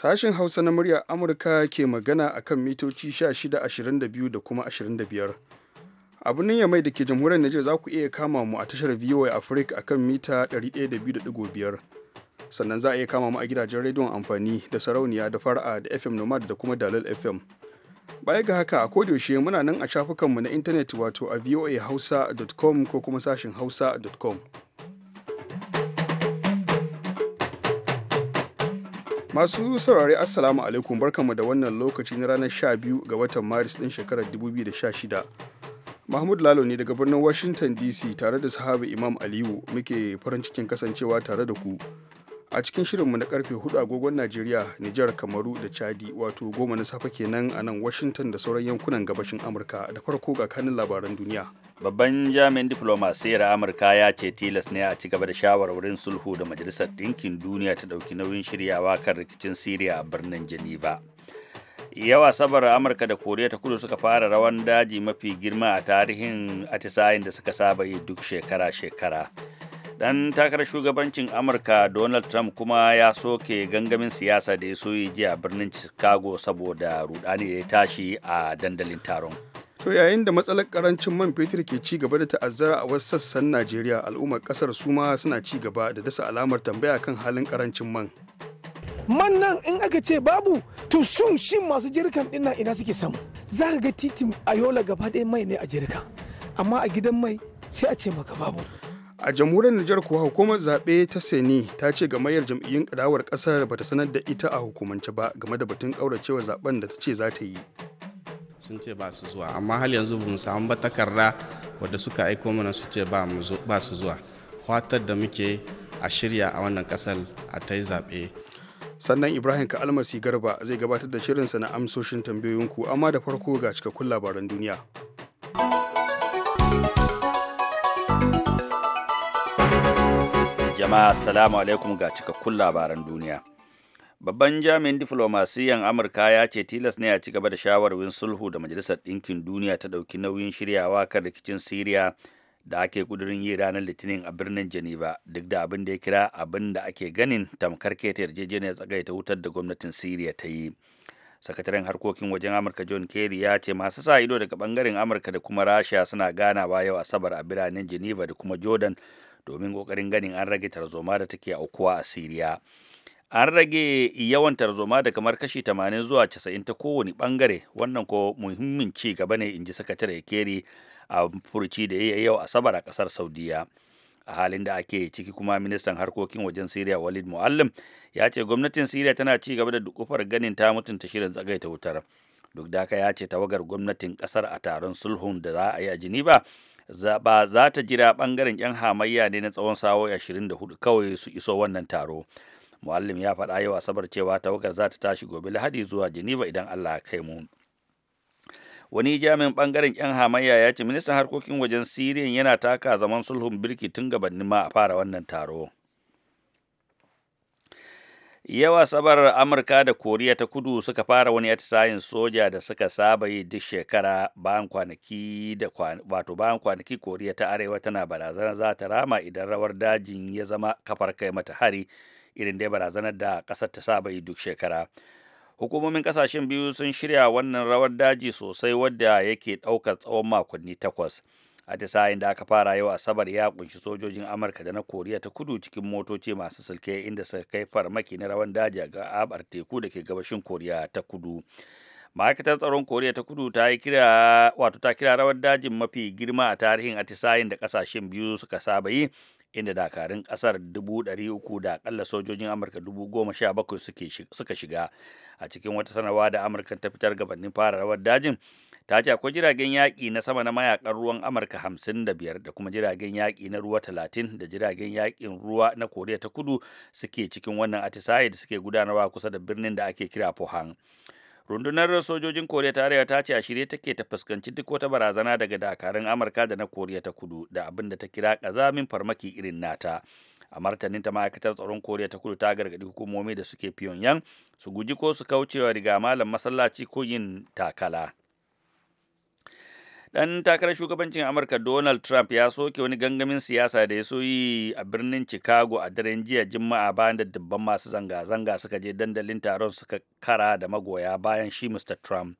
Sashen Hausa na muryar Amurka ke magana a kan mitoci 1622 da kuma 25. A birnin Yamai da ke jamhuriyar Najeriya za ku iya kama mu a tashar VOA Africa a kan mita 102.5. Sannan za a iya kama mu a gidajen rediyon amfani da sarauniya da fara'a da FM Nomad da kuma Dalal FM. Baya ga haka a kodiyoshe muna nan a shafukanmu na intanet wato a voahausa.com ko kuma sashen hausa.com. Masu saurare Assalamu alaikum barkanmu da wannan lokaci na ranar 12 ga watan Maris ɗin shekarar 2016. Mahmud Lalo ne daga birnin Washington DC tare da sahabi Imam Aliyu muke farin cikin kasancewa tare da ku. A cikin shirinmu na karfe 4 agogon Najeriya, Nijar, Kamaru da Chadi wato goma na safe kenan a nan Washington da sauran yankunan gabashin Amurka da farko ga kanin labaran duniya. babban jami'in diflomasiyyar amurka ya ce tilas ne a ci gaba da shawarwarin sulhu da majalisar ɗinkin duniya ta ɗauki nauyin shiryawa kan rikicin siriya a birnin geneva yawa Asabar amurka da koriya ta kudu suka fara rawan daji mafi girma a tarihin atisayen da suka saba yi duk shekara-shekara dan takarar shugabancin amurka donald trump kuma ya soke gangamin siyasa da ya so yi jiya birnin chicago saboda rudani da ya tashi a dandalin taron To yayin da matsalar karancin man fetur ke ci gaba da ta'azzara a wasu sassan Najeriya al'ummar kasar su ma suna ci gaba da dasa alamar tambaya kan halin karancin man. Man nan in aka ce babu to sun shin masu jirkan dinnan ina suke samu. Za ka ga titin Ayola gaba ɗaya mai ne a jirka amma a gidan mai sai a ce maka babu. a jamhuriyar Nijar kuwa hukumar zaɓe ta Seni ta ce gamayyar jam'iyyun ƙadawar ƙasar bata sanar da ita a hukumance ba game da batun ƙauracewa zaben da ta ce za ta yi. sun ce ba su zuwa amma hal yanzu ba mu samu ba takarda wadda suka aiko mana su ce ba su zuwa watar da muke a shirya a wannan kasar a ta yi zaɓe sannan ibrahim ka almasi garba zai gabatar da shirinsa na amsoshin tambayoyinku amma da farko ga cikakkun labaran duniya jama'a assalamu alaikum ga cikakkun labaran duniya Babban jami'in diflomasiyan Amurka ya ce tilas ne a ci gaba da shawarwin sulhu da Majalisar Ɗinkin Duniya ta ɗauki nauyin shiryawa kan rikicin Siriya da ake kudurin yi ranar Litinin a birnin Geneva duk da abin da ya kira abin da ake ganin tamkar keta yarjejeniyar ta wutar da gwamnatin Siriya ta yi. Sakataren harkokin wajen Amurka John Kerry ya ce masu sa ido daga bangaren Amurka da kuma Rasha suna ganawa yau Asabar a biranen Geneva da kuma Jordan domin kokarin ganin an rage tarzoma da take aukuwa a Siriya. an rage yawan tarzoma da kamar kashi 80 zuwa 90 ta kowane bangare wannan ko muhimmin ci gaba ne in ji sakatare keri a furuci da ya yau asabar a kasar saudiya a halin da ake ciki kuma ministan harkokin wajen siriya walid muallim ya ce gwamnatin siriya tana ci gaba da dukufar ganin ta mutunta shirin ta wutar duk da haka ya ce tawagar gwamnatin kasar a taron sulhun da za a yi a geneva ba za ta jira bangaren yan hamayya ne na tsawon sawo 24 kawai su iso wannan taro muallim ya faɗa yau asabar cewa tawagar za ta tashi gobe lahadi zuwa geneva idan allah ya kai mu wani jami'in bangaren yan hamayya ya ce ministan harkokin wajen siriyan yana taka zaman sulhun birki tun gabanin ma a fara wannan taro yawa sabar amurka da koriya ta kudu suka fara wani atisayin soja da suka saba yi duk shekara bayan kwanaki koriya ta arewa tana barazana za ta rama idan rawar dajin ya zama kafar kai mata hari irin dai barazanar da ƙasar ta saba yi duk shekara hukumomin ƙasashen biyu sun shirya wannan rawar daji sosai wadda yake ɗaukar tsawon makonni takwas atisayen da aka fara yau asabar ya kunshi sojojin amurka da na koriya ta kudu cikin motoci masu sulke inda suka kai farmaki na rawan daji ga abar teku da ke gabashin koriya ta kudu ma'aikatar tsaron koriya ta kudu ta yi kira wato ta kira rawar dajin mafi girma a tarihin atisayen da ƙasashen biyu suka saba yi inda dakarun kasar dubu ɗari uku da akalla sojojin amurka dubu goma sha bakwai suka shiga a cikin wata sanarwa da amurka ta fitar gabanin fara rawar dajin ta ce akwai jiragen yaƙi na sama na mayakan ruwan amurka hamsin da biyar da kuma jiragen yaƙi na ruwa talatin da jiragen yaƙin ruwa na koriya ta kudu suke cikin wannan atisaye da suke gudanarwa kusa da birnin da ake kira pohang rundunar sojojin koriya ta arewa ta ce a shirye take ta fuskanci duk wata barazana daga dakarun amurka da na koriya ta kudu da abin da ta kira kazamin farmaki irin nata a martanin ta ma'aikatar tsaron koriya ta kudu ta gargaɗi hukumomi da suke pyongyang su guji ko su kaucewa riga malam masallaci ko yin takala Dan takarar shugabancin Amurka Donald Trump ya soke wani gangamin siyasa da ya so yi a birnin Chicago a daren jiya Juma'a bayan da dubban masu zanga-zanga suka je dandalin taron suka kara da magoya bayan shi Mr. Trump.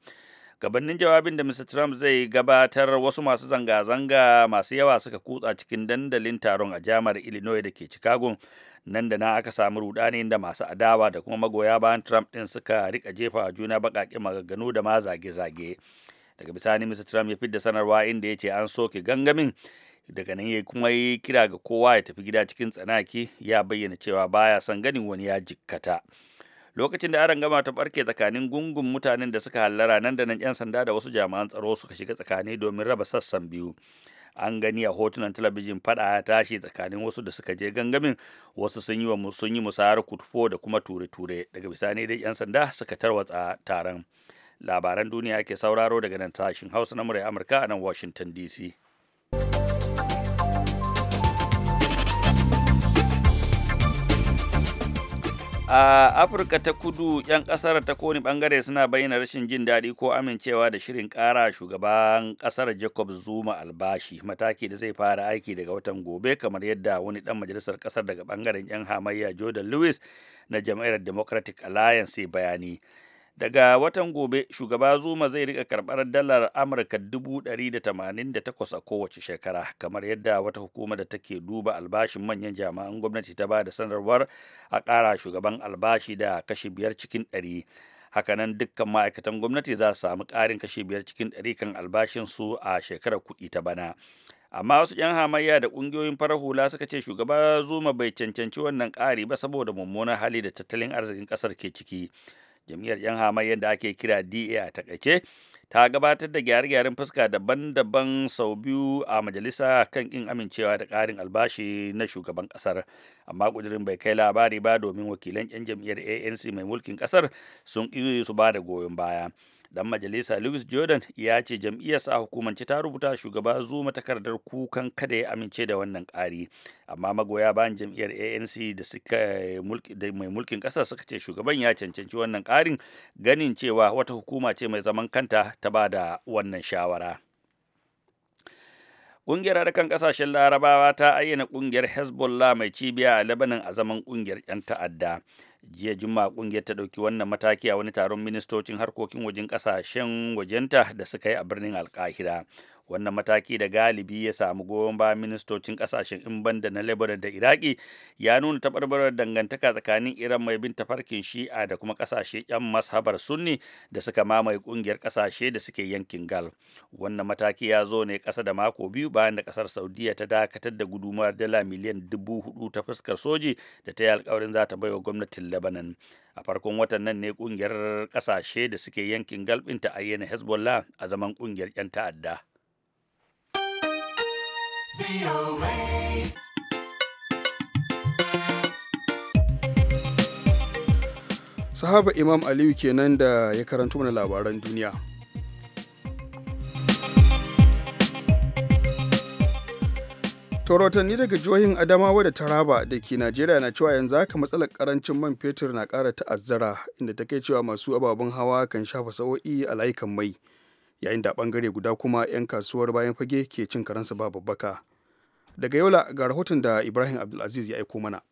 gabanin jawabin da Mr. Trump zai gabatar wasu masu zanga-zanga masu yawa suka kutsa cikin dandalin taron a jamar Illinois da ke Chicago nan da na aka samu rudani da masu adawa da kuma magoya bayan Trump din suka rika jefa juna baƙaƙe maganganu da ma zage-zage. daga bisani mr trump ya fidda sanarwa inda ya ce an soke gangamin daga nan ya kuma yi kira ga kowa ya tafi gida cikin tsanaki ya bayyana cewa baya son ganin wani ya jikkata lokacin da aron gama ta barke tsakanin gungun mutanen da suka hallara nan da nan 'yan sanda da wasu jami'an tsaro suka shiga tsakani domin raba sassan biyu an gani a hotunan talabijin fada ya tashi tsakanin wasu da suka je gangamin wasu sun yi wa sun yi musayar kutufo da kuma ture-ture daga bisani dai 'yan sanda suka tarwatsa taron labaran duniya ke sauraro daga nan tashin hausa na murai amurka a nan washington dc a afirka ta kudu 'yan kasar ta kone bangare suna bayyana rashin jin daɗi ko amincewa da shirin ƙara shugaban kasar jacob zuma albashi mataki da zai fara aiki daga watan gobe kamar yadda wani ɗan majalisar kasar daga bangaren 'yan hamayya jordan lewis na jam'iyyar democratic alliance bayani daga watan gobe shugaba zuma zai rika karbar dalar amurka 188 a kowace shekara kamar yadda wata hukuma da take duba albashin manyan jami'an gwamnati ta ba da sanarwar a ƙara shugaban albashi da kashi biyar cikin ɗari hakanan dukkan ma'aikatan gwamnati za su samu ƙarin kashi biyar cikin ɗari kan albashinsu a shekarar kuɗi ta bana amma wasu 'yan hamayya da ƙungiyoyin farar hula suka ce shugaba zuma bai cancanci wannan ƙari ba saboda mummunan hali da tattalin arzikin ƙasar ke ciki jam'iyyar 'yan hamayyar da ake kira da a takaice ta gabatar da gyare-gyaren fuska daban-daban sau biyu a majalisa kan kin amincewa da ƙarin albashi na shugaban ƙasar amma ƙudurin bai kai labari ba domin wakilan 'yan jam'iyyar anc mai mulkin ƙasar sun ƙi su ba da goyon baya dan majalisa Louis Jordan ya ce jam'iyyar sa hukumance ta rubuta shugaba Zuma takardar kukan kada ya amince da wannan ƙari amma magoya bayan jam'iyyar ANC da suka da mai mulkin ƙasa suka ce shugaban ya cancanci wannan ƙarin ganin cewa wata hukuma ce mai zaman kanta ta ba da wannan shawara. Ƙungiyar harkan ƙasashen larabawa ta ayyana ƙungiyar Hezbollah mai cibiya a Lebanon a zaman ƙungiyar 'yan ta'adda. Jiya Juma'a ƙungiyar ta ɗauki wannan mataki a wani taron ministocin harkokin wajen ƙasashen wajenta da suka yi a birnin Alƙahira. wannan mataki da galibi ya samu goyon ba ministocin kasashen in banda na lebanon da iraki ya nuna tabarbarar dangantaka tsakanin iran mai bin tafarkin shi'a da kuma kasashe yan mashabar sunni da suka mamaye kungiyar kasashe da suke yankin gal wannan mataki ya zo ne kasa da mako biyu bayan da ƙasar saudiya ta dakatar da gudumar dala miliyan dubu hudu ta fuskar soji da ta yi alkawarin za ta wa gwamnatin lebanon a farkon watan nan ne kungiyar kasashe da suke yankin galbinta a yana hezbollah a zaman kungiyar 'yan ta'adda Sahaba Imam Aliyu kenan da ya karanto mana labaran duniya. Torotanni daga jihohin Adamawa da Taraba da ke Najeriya na cewa yanzu haka matsalar karancin man fetur na ƙara ta'azzara inda ta kai cewa masu ababen hawa kan shafa sa'o'i a layukan mai. yayin da bangare guda kuma 'yan kasuwar bayan fage ke cin karansa ba babbaka daga yola ga rahoton da ibrahim abdulaziz ya aiko mana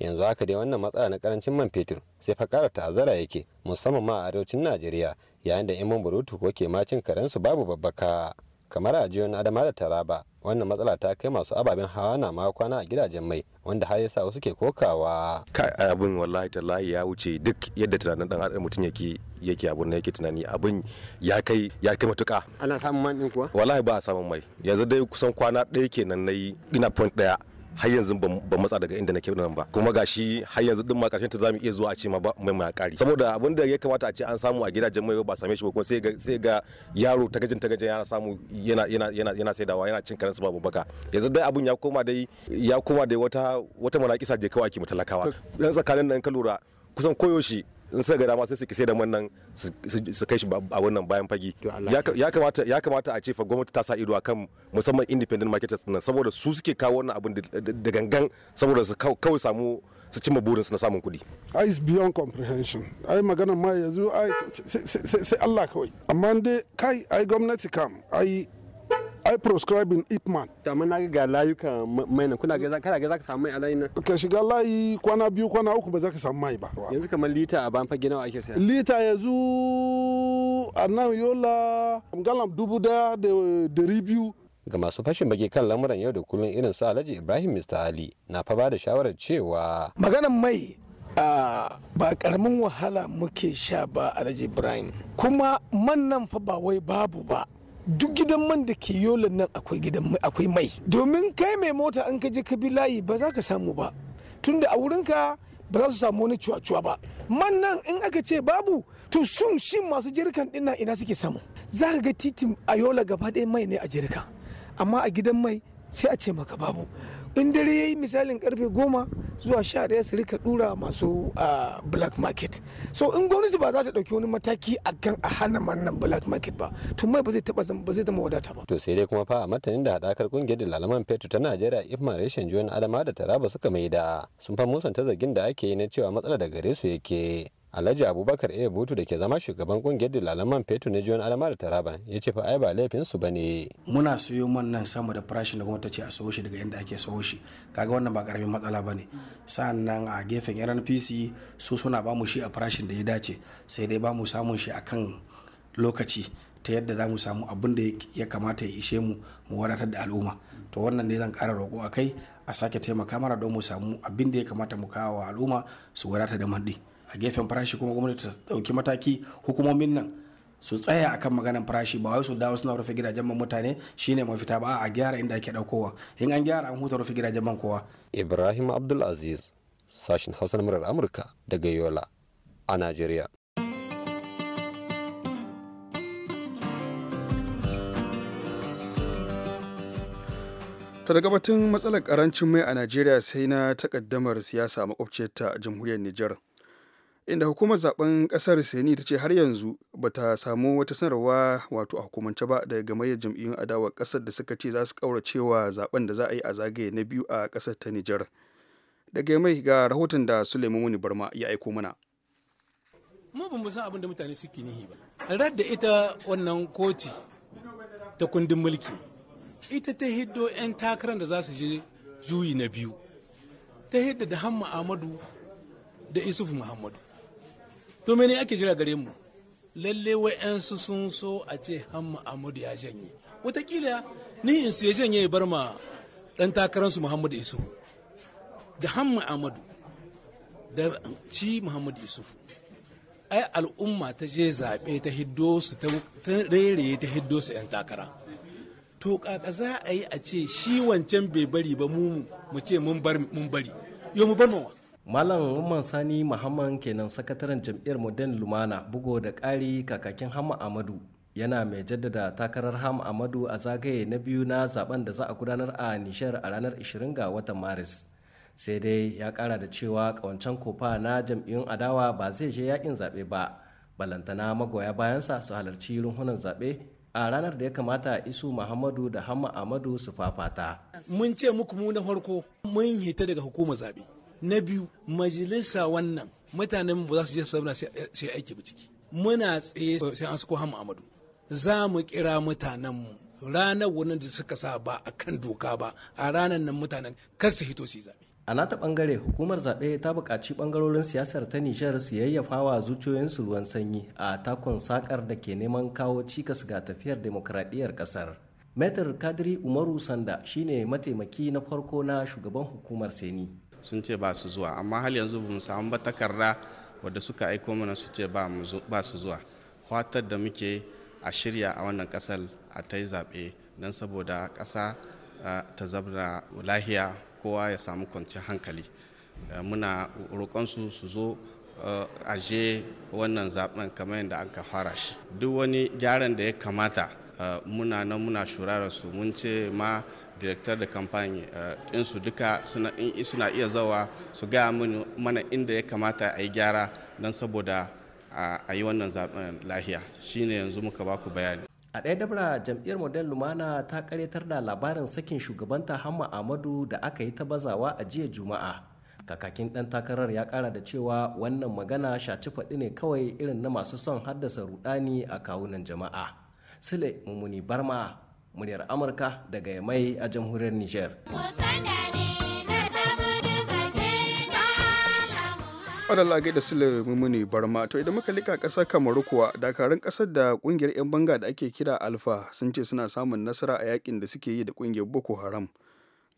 yanzu haka dai wannan matsala na karancin man fetur sai fa kara ta'azzara yake musamman ma a arewacin najeriya yayin da 'yan mambarutu ko ke ma cin karansu babu babbaka kamar a jiyon adama da taraba wannan matsala ta kai masu ababen hawa na ma kwana a gidajen mai wanda har yasa wasu ke kokawa kai abin wallahi tallahi ya wuce duk yadda tunanin dan adam mutum yake yake abun yake tunani abin ya kai ya kai matuka ana samun man din kuwa wallahi ba a samun mai yanzu dai kusan kwana ɗaya kenan nayi ina point daya har yanzu ban matsa daga inda nake nan ba kuma gashi har yanzu din ma karshen ta zamu iya zuwa a ce ma mai mai kari saboda abin da ya kamata a ce an samu a gidajen mai ba same shi ba kuma sai ga sai ga yaro tagajin tagajin yana samu yana yana yana yana saidawa yana cin karansa babu baka yanzu dai abun ya koma dai ya koma dai wata wata kisa je kawai ki mutalakawa dan tsakanin nan ka lura kusan koyo in suka ga dama sai su kise da wannan su kai shi a wannan bayan fagi ya kamata ya kamata a ce fa gwamnati ta sa ido akan musamman independent marketers nan saboda su suke kawo wannan abin da gangan saboda su kawai samu su cimma burinsu na samun kuɗi. ai is beyond comprehension ai magana ma yanzu ai sai Allah kawai amma dai kai ai gwamnati kam ai ai proscribing ipman ta mun ga layuka mai nan kuna ga kana ga zaka samu mai a layin nan ka shiga layi kwana biyu kwana uku ba zaka samu mai ba yanzu kamar lita a ban fage nawa ake saya lita yanzu a nan yola galam dubu daya da dari biyu ga masu fashin baki kan lamuran yau da kullun irin su alhaji ibrahim mr ali na fa ba da shawarar cewa maganan mai Uh, ba karamin wahala muke sha ba alhaji ibrahim kuma man nan fa ba wai babu ba duk gidan man da ke yolan nan akwai gidan akwai mai domin kai mai mota an ka je ka bi layi ba za ka samu ba tunda a wurinka ba za su samu wani cuwa-cuwa ba man nan in aka ce babu to sun shi masu jirkan dinna ina suke samu za ka ga titin a ayola gaba ɗaya mai ne a jirka amma a gidan mai sai a ce maka babu in dare ya yi misalin karfe goma zuwa sha daya su rika dura masu black market so in gwamnati ba za ta dauki wani mataki a kan a hana wannan black market ba to mai ba zai taba ba zama wadata ba to sai dai kuma fa a martanin da hadakar kungiyar dalaman fetur ta najeriya ifma reshen juyan adama da taraba suka mai da sun fa musanta zargin da ake yi na cewa matsala da gare su yake alhaji abubakar a butu da ke zama shugaban kungiyar dillalan man fetur na jiyon alama da taraba ya ce fa ba laifin su ne. muna siyo man nan sama da farashin da gwamnati ce a sawo shi daga inda ake sawo shi kaga wannan ba karamin matsala bane sannan a gefen pc su suna ba mu shi a farashin da ya dace sai dai ba mu samun shi akan lokaci ta yadda za mu samu abin da ya kamata ya ishe mu mu wadatar da al'umma to wannan ne zan kara roƙo a kai a sake taimaka mana don mu samu abin da ya kamata mu kawo wa al'umma su wadatar da mandi. a gefen farashi kuma gwamnati ta dauki mataki hukumomin nan su tsaya akan maganar farashi ba wai su dawo suna rufe gidajen man mutane shine mafita ba a gyara inda ake daukowa in an gyara an huta rufe gidajen man kowa ibrahim abdulaziz sashin hausa na murar amurka daga yola a najeriya ta daga batun matsalar karancin mai a najeriya sai na takaddamar siyasa ta jamhuriyar nijar inda hukumar zaben kasar seni ta ce har yanzu ba ta samu wata sanarwa wato a hukumance ba daga gamayyar jam'iyyun adawar kasar da suka ce za su kauracewa zaben da za a yi a zagaye na biyu a kasar ta nijar daga mai ga rahoton da suleiman muni barma ya aiko mana mu ba mu san abin da mutane suke nihi ba da ita wannan koti ta kundin mulki ita ta hiddo 'yan takarar da za su je juyi na biyu ta hidda da hamma amadu da isufu muhammadu to mene ake jira gare mu lalle wa'yansu sun so a ce hamma muhammadu ya janye watakila ni in su ya janye ya bar ma dan takararsu muhammadu isu da hamma muhammadu da ci muhammadu isufu ai al'umma ta je zaɓe ta hiddo su ta rere ta hiddo su 'yan takara to kaka za a yi a ce shi wancan bai bari ba mu mu ce mun bari yau mu bar mawa Malam Umar Sani Muhammad kenan sakataren jam'iyyar Modern Lumana bugo da ƙari kakakin Hama Amadu yana mai jaddada takarar Hama Amadu a zagaye na biyu na zaben da za a gudanar a Nishar a ranar 20 ga watan Maris. Sai dai ya kara da cewa ƙawancen kofa na jam'iyyun adawa ba zai je yakin zaɓe ba. Balantana magoya bayansa su halarci runhunan zaɓe a ranar da ya kamata isu muhammadu da hama amadu su fafata mun ce muku mu na farko mun hita daga hukumar zaɓe na biyu majalisa wannan mutanen ba za su je su zauna sai aiki ciki muna tsaye sai an suko hamu amadu za mu kira mutanenmu ranar wannan da suka sa ba a kan doka ba a ranar nan mutanen kar su hito su zaɓe a nata bangare hukumar zaɓe ta buƙaci ɓangarorin siyasar ta nijar su yayyafawa zuciyoyinsu ruwan sanyi a takon sakar da ke neman kawo cikas ga tafiyar demokradiyyar ƙasar metar kadiri umaru sanda shine mataimaki na farko na shugaban hukumar seni sun ce ba su zuwa amma hal yanzu bamu mu samu ba takarda wadda suka aiko mana su ce ba su zuwa fatar da muke a shirya a wannan kasar a ta yi zaɓe don saboda ƙasa ta zabna lahiya kowa ya samu kwanciyar hankali eh, muna roƙonsu su zo eh, aje wannan zaben kamar yadda an ka fara shi duk wani gyaran da ya kamata eh, muna nan muna shurara su mun ce ma director da kamfani eh, ɗinsu duka suna iya zawa su gaya mana inda ya kamata a yi gyara don saboda eh, a yi wannan zaben lahiya shine yanzu muka baku bayani a ɗaya dabara jam'iyyar model lumana ta karyatar da labarin sakin shugabanta hamma amadu da aka yi ta bazawa a jiya juma'a kakakin ɗan takarar ya ƙara da cewa wannan magana shaci faɗi ne kawai irin na masu son haddasa rudani a kawunan jama'a sule mummuni barma muryar amurka daga mai a jamhuriyar niger adalla gaida sule mumuni barma to idan muka lika ƙasar kamaru kuwa dakarun ƙasar da ƙungiyar 'yan banga da ake kira alfa sun ce suna samun nasara a yakin da suke yi da ƙungiyar boko haram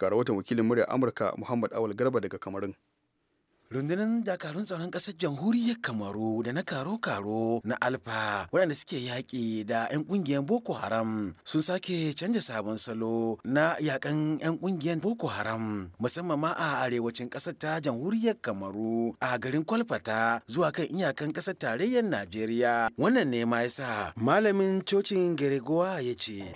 ga rahoton wakilin muryar amurka muhammad awal garba daga kamarun rundunar dakarun tsaron ƙasar jamhuriyar kamaru da na karo-karo na alfa waɗanda suke yaƙi da 'yan ƙungiyar boko haram sun sake canja sabon salo na yaƙan 'yan ƙungiyar boko haram musamman ma a arewacin ƙasar ta jamhuriyar kamaru a garin kwalfata zuwa kan iyakan ƙasar tarayyar najeriya wannan ne ma yasa malamin cocin geregowa ya ce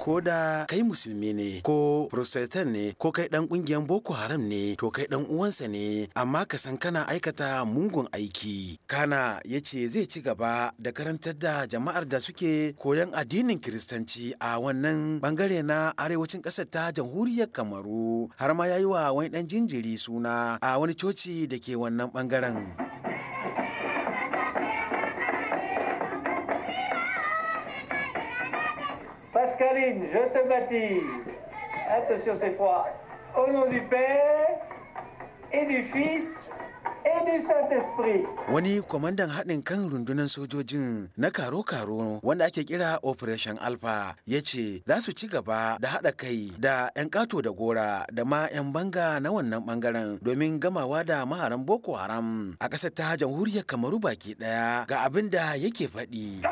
ko da kai musu. musulmi ne ko protestant ne ko kai dan ƙungiyar boko haram ne to kai dan uwansa ne amma ka san kana aikata mungun aiki kana ya ce zai ci gaba da karantar da jama'ar da suke koyan addinin kiristanci a wannan bangare na arewacin ƙasar ta jamhuriyar kamaru har ma ya yi wa wani dan jinjiri suna a wani coci da ke wannan bangaren. Catherine, je te baptise. Attention, c'est froid. Au nom du Père et du Fils Wani kwamandan haɗin kan rundunar sojojin na karo-karo wanda ake kira Operation Alpha ya ce za su ci gaba da haɗa kai da 'yan ƙato da gora da ma 'yan banga na wannan ɓangaren domin gamawa da maharan Boko Haram a ƙasar ta jamhuriyar Kamaru baki ɗaya ga abin da yake faɗi.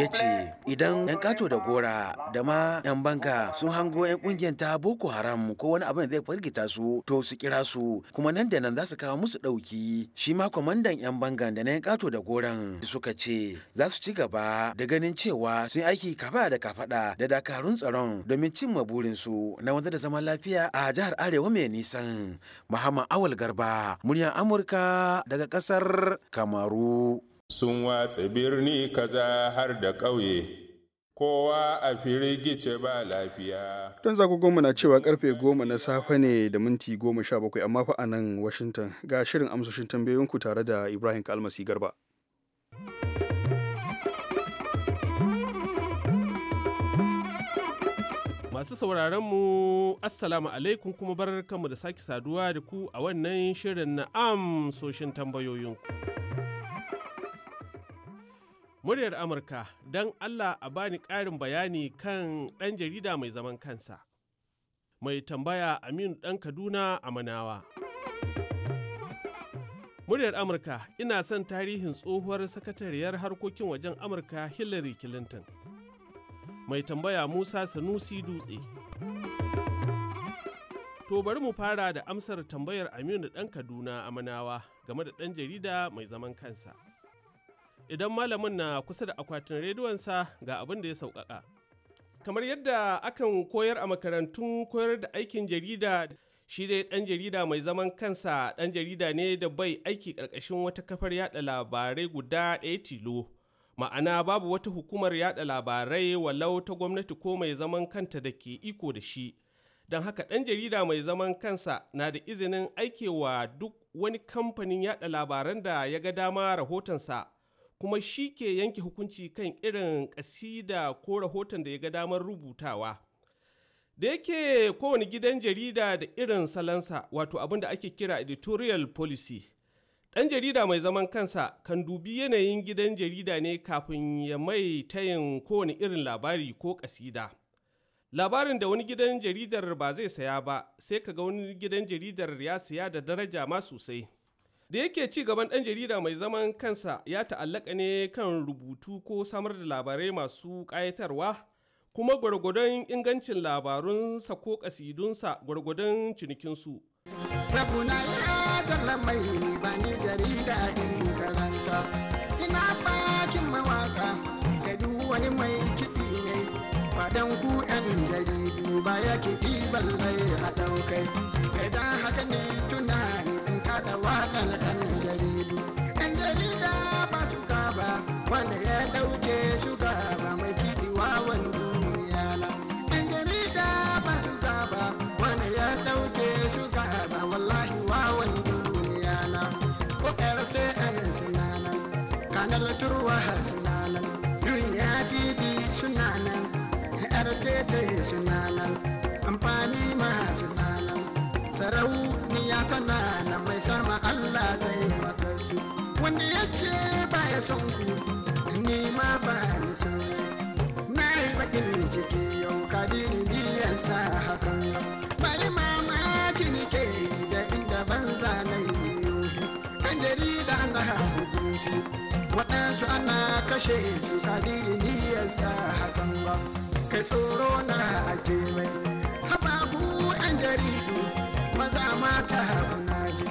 ya ce idan 'yan kato da gora da ma 'yan banka sun hango 'yan kungiyar ta boko haram ko wani abin zai firgita su to su kira su kuma nan da nan za su kawo musu ɗauki shi ma kwamandan 'yan bangan da na 'yan kato da goran suka ce za su ci gaba da ganin cewa sun aiki kafa da kafaɗa da dakarun tsaron domin cimma su na wanzu da zaman lafiya a jihar arewa mai nisan muhammad awal garba muryar amurka daga ƙasar kamaru sun watsa birni kaza har da ƙauye. kowa a firgice ba lafiya. Don zagogonmu na cewa karfe goma na safe ne da minti goma sha bakwai amma fa a nan Washington ga shirin amsoshin tambayoyinku tare da Ibrahim Kalmasi Garba. Masu sauraron mu Assalamu alaikum kuma bar kanmu da sake saduwa da ku a wannan shirin na amsoshin tambayoyinku. Muryar Amurka don Allah a bani ƙarin bayani kan ɗan jarida mai zaman kansa. Mai tambaya Aminu ɗan Kaduna a Manawa. Muryar Amurka ina son tarihin tsohuwar sakatariyar harkokin wajen Amurka Hillary Clinton. Mai tambaya Musa Sanusi Dutse. To bari mu fara da amsar tambayar Aminu ɗan Kaduna a Manawa game da ɗan jarida mai zaman kansa. idan malamin na kusa da akwatin rediyonsa ga abin da ya sauƙaƙa. Kamar yadda akan koyar a makarantun koyar da aikin jarida shi dai ɗan jarida mai zaman kansa ɗan jarida ne da bai aiki ƙarƙashin wata kafar yaɗa labarai guda ɗaya tilo. Ma'ana babu wata hukumar yaɗa labarai walau ta gwamnati ko mai zaman kanta da ke iko da shi. Don haka ɗan jarida mai zaman kansa na da izinin aikewa duk wani kamfanin yaɗa labaran da ya ga dama rahotonsa kuma shi ke yanke hukunci kan irin kasida ko rahoton da ya ga damar rubutawa da yake kowane gidan jarida da irin salansa wato abin da ake kira editorial policy ɗan jarida mai zaman kansa kan dubi yanayin gidan jarida ne kafin ya mai tayin kowane irin labari ko kasida labarin da wani gidan jaridar ba zai saya ba sai kaga wani gidan jaridar ya saya da daraja ma sosai da yake ci gaban ɗan jarida mai zaman kansa ya ta'allaka ne kan rubutu ko samar da labarai masu ƙayatarwa kuma gwargwadon ingancin labarunsa ko ƙasidunsa gwargwadon cinikinsu. Rabuna ya zalla mai ba ni jarida in karanta, ina bakin mawaƙa ga duk wani mai kiɗi ne, fadan ku 'yan jaridu ba ya kiɗi balle a ɗaukai, gada haka ne ruwa suna nan duniya tv suna nan rtt suna nan amfani ma suna nan sarauniya tana nan mai sarma allah ta yi maka su wanda ya ce ba ya son ku ni ma ba ni son na yi bakin ciki yau kadini biyar sa hakan bari ma waɗansu ana kashe su kadiri niyarsa hakan ba kai tsoro na ake mai haba ku yan jaridu maza mata kuna ji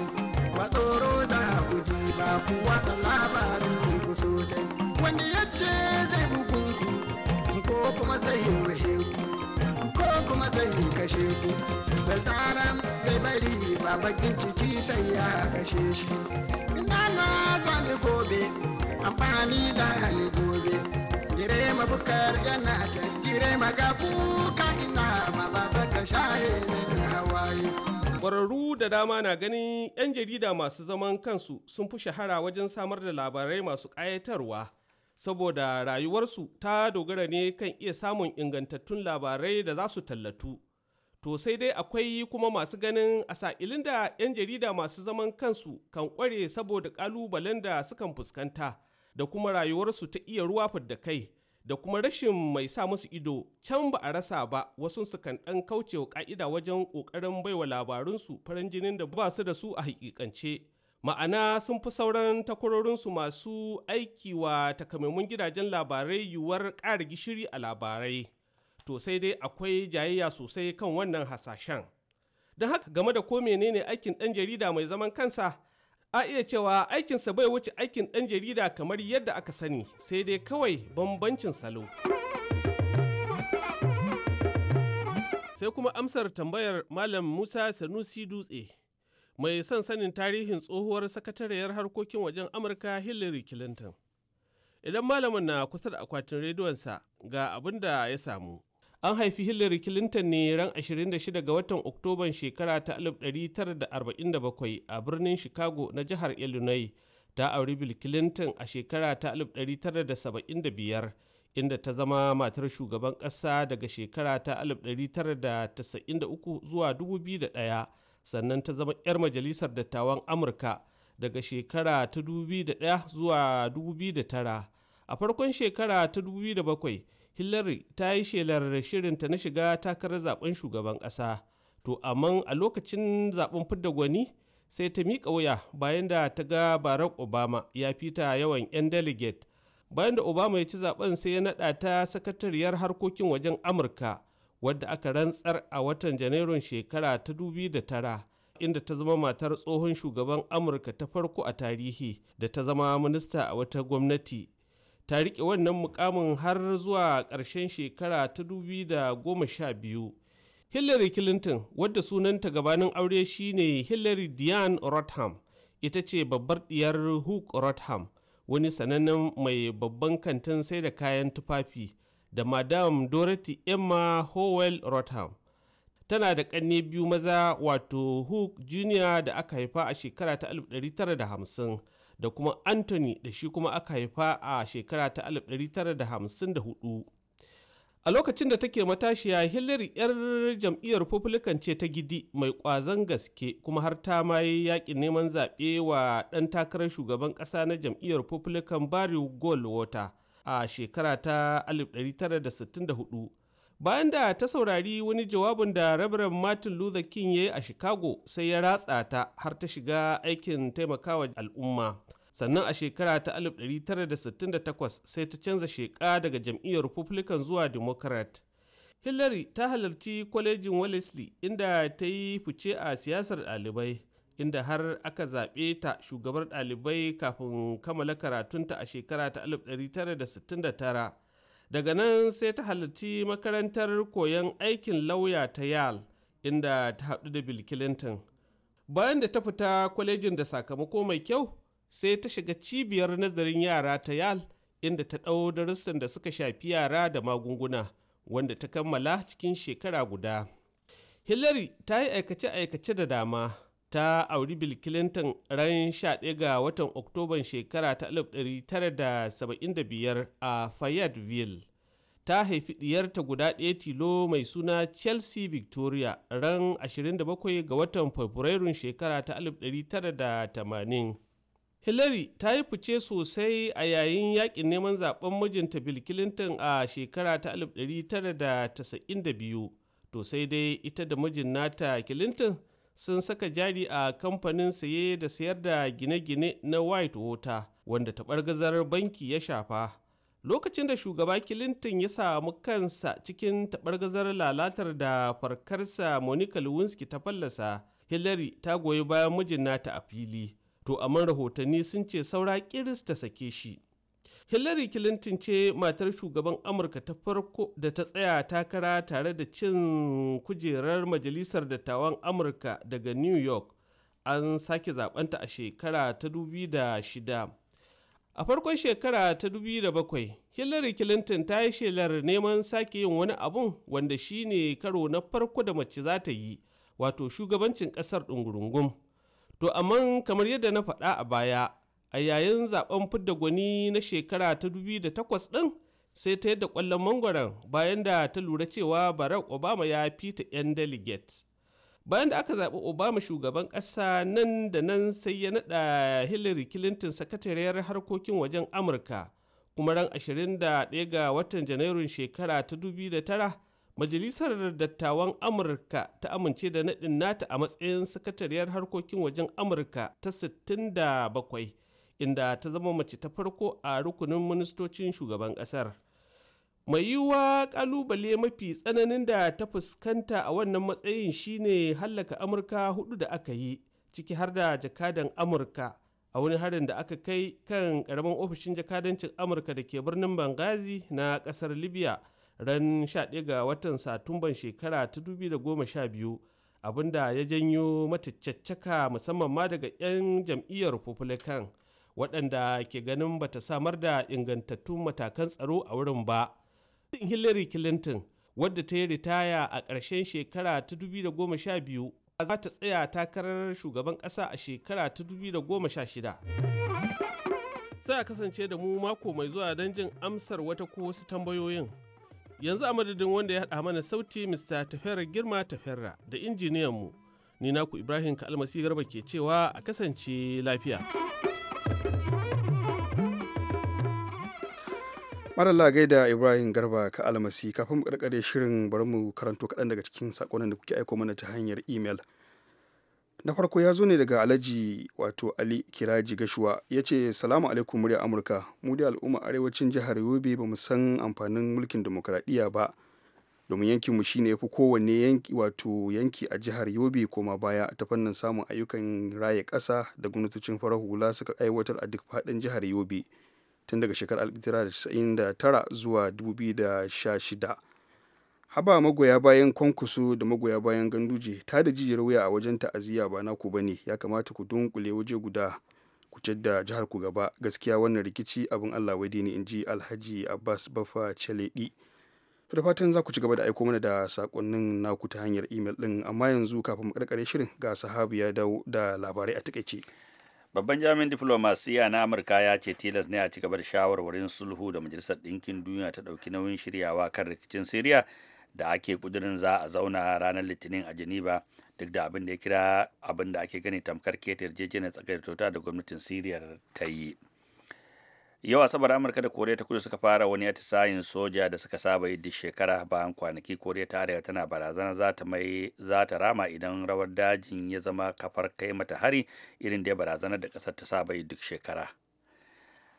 ba tsoro za ku ji ba ku wata labarin ku sosai wanda ya ce zai bugun ku ko kuma zai wuhe ku ko kuma zai kashe ku da tsaran zai bari ba bakin ciki sai ya kashe shi ina na zani gobe amfani da hali gobe ma bukar yana can ma ga kuka ina ma ba ka shaye min hawaye kwararru da dama na ganin 'yan jarida masu zaman kansu sun fi shahara wajen samar da labarai masu ƙayatarwa saboda rayuwarsu ta dogara ne kan iya samun ingantattun labarai da za su tallatu to sai dai akwai kuma masu ganin a sa'ilin da 'yan jarida masu zaman kansu kan kware saboda ƙalubalen da sukan fuskanta da kuma rayuwarsu ta iya ruwa da kai da kuma rashin mai sa musu ido can ba a rasa ba wasu su kan dan kaucewa ka'ida wajen kokarin baiwa labarunsu farin jinin da ba su da su a hakikance ma'ana sun fi sauran takwarorinsu masu aiki wa takamaiman gidajen labarai yiwuwar ƙara gishiri a labarai to sai dai akwai jayayya sosai kan wannan hasashen don haka game da ko menene aikin ɗan jarida mai zaman kansa a iya cewa aikinsa bai wuce aikin ɗan jarida kamar yadda aka sani sai dai kawai bambancin salo sai kuma amsar tambayar malam musa sanusi dutse mai son sanin tarihin tsohuwar sakatariyar harkokin wajen amurka hillary clinton idan malamin na kusa da akwatin rediyonsa ga abin da ya samu An haifi Hillary Clinton ne ran 26 ga watan Oktoban shekara ta 1947 a birnin Chicago na jihar Illinois. Ta auri Bill Clinton a shekara ta 1975 inda ta zama matar shugaban ƙasa daga shekara ta 1993 zuwa 2001 sannan ta zama 'yar majalisar dattawan Amurka daga shekara ta 2001 zuwa 2009. A farkon shekara ta 2007 hillary ta yi shelar shirinta na shiga takarar zaben shugaban kasa to amma a lokacin zaben fidda gwani sai ta miƙa wuya bayan da ta ga barack obama ya fita yawan 'yan delegate bayan da obama ya ci zaben sai ya naɗa ta sakatariyar harkokin wajen amurka wadda aka rantsar a watan janairun shekara ta dubi da tara inda ta zama matar tsohon shugaban amurka ta farko a tarihi da ta zama minista a wata gwamnati ta riƙe wannan mukamin har zuwa ƙarshen shekara ta da goma sha biyu. Hillary Clinton wadda sunanta gabanin aure shine Hillary Diane Rotham ita ce babbar diyar Hook Rotham wani sanannen mai babban kantin sai da kayan tufafi da Madam Dorothy Emma Howell Rotham. Tana da ƙanne biyu maza wato Hook Jr. da aka haifa a shekara ta 1950 da kuma anthony da shi kuma aka haifa a shekara ta 1954 a lokacin da take matashiya hillary yar jam'iyyar republican ce ta gidi mai kwazon gaske kuma har ta ma maye yakin neman zaɓe wa ɗan takarar shugaban ƙasa na jam'iyyar republican barry goldwater a shekara ta 1964 bayan da ta saurari wani jawabin da rabirin martin luther king ya yi a chicago sai ya ratsa ta har ta shiga aikin taimakawa al'umma sannan a shekara ta 1968 sai ta canza sheka daga jam'iyyar republican zuwa democrat hillary ta halarci kwalejin wellesley inda ta yi fice a siyasar ɗalibai inda har aka zaɓe ta shugabar ɗalibai kafin kammala karatunta a shekara ta 1969 daga nan sai ta halarci makarantar koyon aikin lauya ta yal inda ta haɗu da bill clinton bayan da ta fita kwalejin da sakamako mai kyau sai ta shiga cibiyar nazarin yara ta yal inda ta ɗau darussan da suka shafi yara da magunguna wanda ta kammala cikin shekara guda hillary ta yi aikace-aikace da dama ta auri bill clinton ran 11 ga watan oktoban shekara ta 1975 a fayetteville ta haifi ɗiyarta guda ɗaya tilo mai suna chelsea victoria ran 27 ga watan fabrairun shekara ta 1980 hillary ta yi fice sosai a yayin yakin neman zaben mijinta bill clinton a shekara ta 1992 to sai dai ita da mijin nata clinton sun saka jari a kamfanin saye da sayar da gine-gine na white water wanda taɓargazar banki ya shafa lokacin da shugaba clinton ya samu kansa cikin taɓargazar lalatar da farkarsa monica lewinsky ta fallasa hillary ta goyi bayan mijin nata a fili to amma rahotanni sun ce saura kirista sake shi hillary clinton ce matar shugaban amurka ta farko da ta tsaya takara tare da cin kujerar majalisar dattawan amurka daga new york an sake zabanta a shekara ta 2006 a farkon shekara ta 2007 hillary clinton ta yi shelar neman sake yin wani abun wanda shine karo na farko da mace za ta yi wato shugabancin kasar ɗungurungun. to amma kamar yadda na faɗa a baya a yayin zaben fidda gwani na shekara ta 2008 ɗin sai ta yadda ƙwallon mangoron bayan da ta lura cewa barack obama ya fita 'yan delegate bayan da aka zaɓi obama shugaban ƙasa nan da nan sai ya naɗa hillary clinton sakatariyar harkokin wajen amurka kuma ran 21 ga watan janairun shekara ta 2009 majalisar dattawan amurka ta amince da naɗin nata a matsayin sakatariyar harkokin wajen amurka ta 67 inda ta zama mace ta farko a rukunin ministocin shugaban ƙasar. mai yiwuwa kalubale mafi tsananin da ta fuskanta a wannan matsayin shine hallaka amurka hudu da aka yi ciki har da jakadan amurka a wani harin da aka kai kan karamin ofishin jakadancin amurka da ke birnin bangazi na kasar libya ran 11 ga watan satumban shekara ta 2012 abinda ya janyo matacaccaka musamman ma daga 'yan jam'iyyar republican waɗanda ke ganin bata samar da ingantattun matakan tsaro a wurin ba. Hillary Clinton wadda ta yi ritaya a ƙarshen shekara ta 2012 za ta tsaya takarar shugaban ƙasa a shekara ta 2016. Sai a kasance da mu mako mai zuwa don jin amsar wata ko wasu tambayoyin. Yanzu a madadin wanda ya haɗa mana sauti Mr. Tafera Girma Tafera da injiniyanmu. Ni naku Ibrahim Kalmasi Garba ke cewa a kasance lafiya. lagai da Ibrahim Garba ka almasi kafin mu karkare shirin bari mu karanto kaɗan daga cikin sakonnin da kuke aiko mana ta hanyar email. Na farko ya zo ne daga Alhaji wato Ali Kiraji Gashuwa ya ce salamu alaikum murya Amurka mu da al'umma arewacin jihar Yobe bamu san amfanin mulkin demokradiyya ba domin yankin mu shine yafi kowanne yanki wato yanki a jihar Yobe koma baya ta fannin samun ayyukan raye ƙasa da gwamnatocin farar hula suka aiwatar a duk faɗin jihar Yobe. tun daga shekarar 1999 zuwa 2016 haba magoya bayan kwankwaso da magoya bayan ganduje ta da jijiyar wuya a wajen ta'aziyya ba naku ba ne ya kamata ku dunkule waje guda ku da jihar ku gaba gaskiya wannan rikici abin allah wadi ne in ji alhaji abbas bafa chaledi to da fatan za ku ci gaba da aiko mana da sakonnin naku ta hanyar imel ɗin amma yanzu kafin mu karkare shirin ga sahabu ya dawo da labarai a takaice babban jami'in diflomasiyya na amurka ya ce tilas ne a cigaba da shawarwarin sulhu da majalisar ɗinkin duniya ta ɗauki nauyin shiryawa kan rikicin siriya da ake kudirin za a zauna ranar litinin a geneva duk da abin da ya kira abin da ake gani tamkar keta yarjejeniyar tsakar da gwamnatin siriya ta yi yau asabar amurka da koriya ta kudu suka fara wani atisayin soja da suka saba yi duk shekara bayan kwanaki koriya ta arewa tana barazana za ta mai za ta rama idan rawar dajin ya zama kafar kai mata hari irin da ya barazana da kasar ta saba yi duk shekara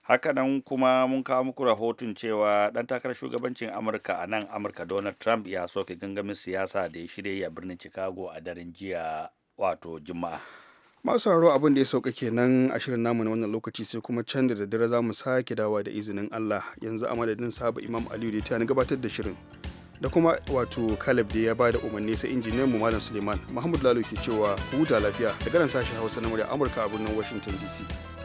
hakanan kuma mun kawo muku rahoton cewa dan takarar shugabancin amurka a nan amurka donald trump ya soke gangamin siyasa da ya shirya birnin chicago a daren jiya wato juma'a masu sauraro abin da ya sauka kenan a shirin namu na wannan lokaci sai kuma can da daddare za mu sake dawa da izinin Allah yanzu a madadin saba imam aliyu da ta na gabatar da shirin da kuma wato kalab da ya bada umarni sai injiniyan mu malam suleiman muhammadu lalo ke cewa huta lafiya daga nan sashen hausa na murya amurka a birnin washington dc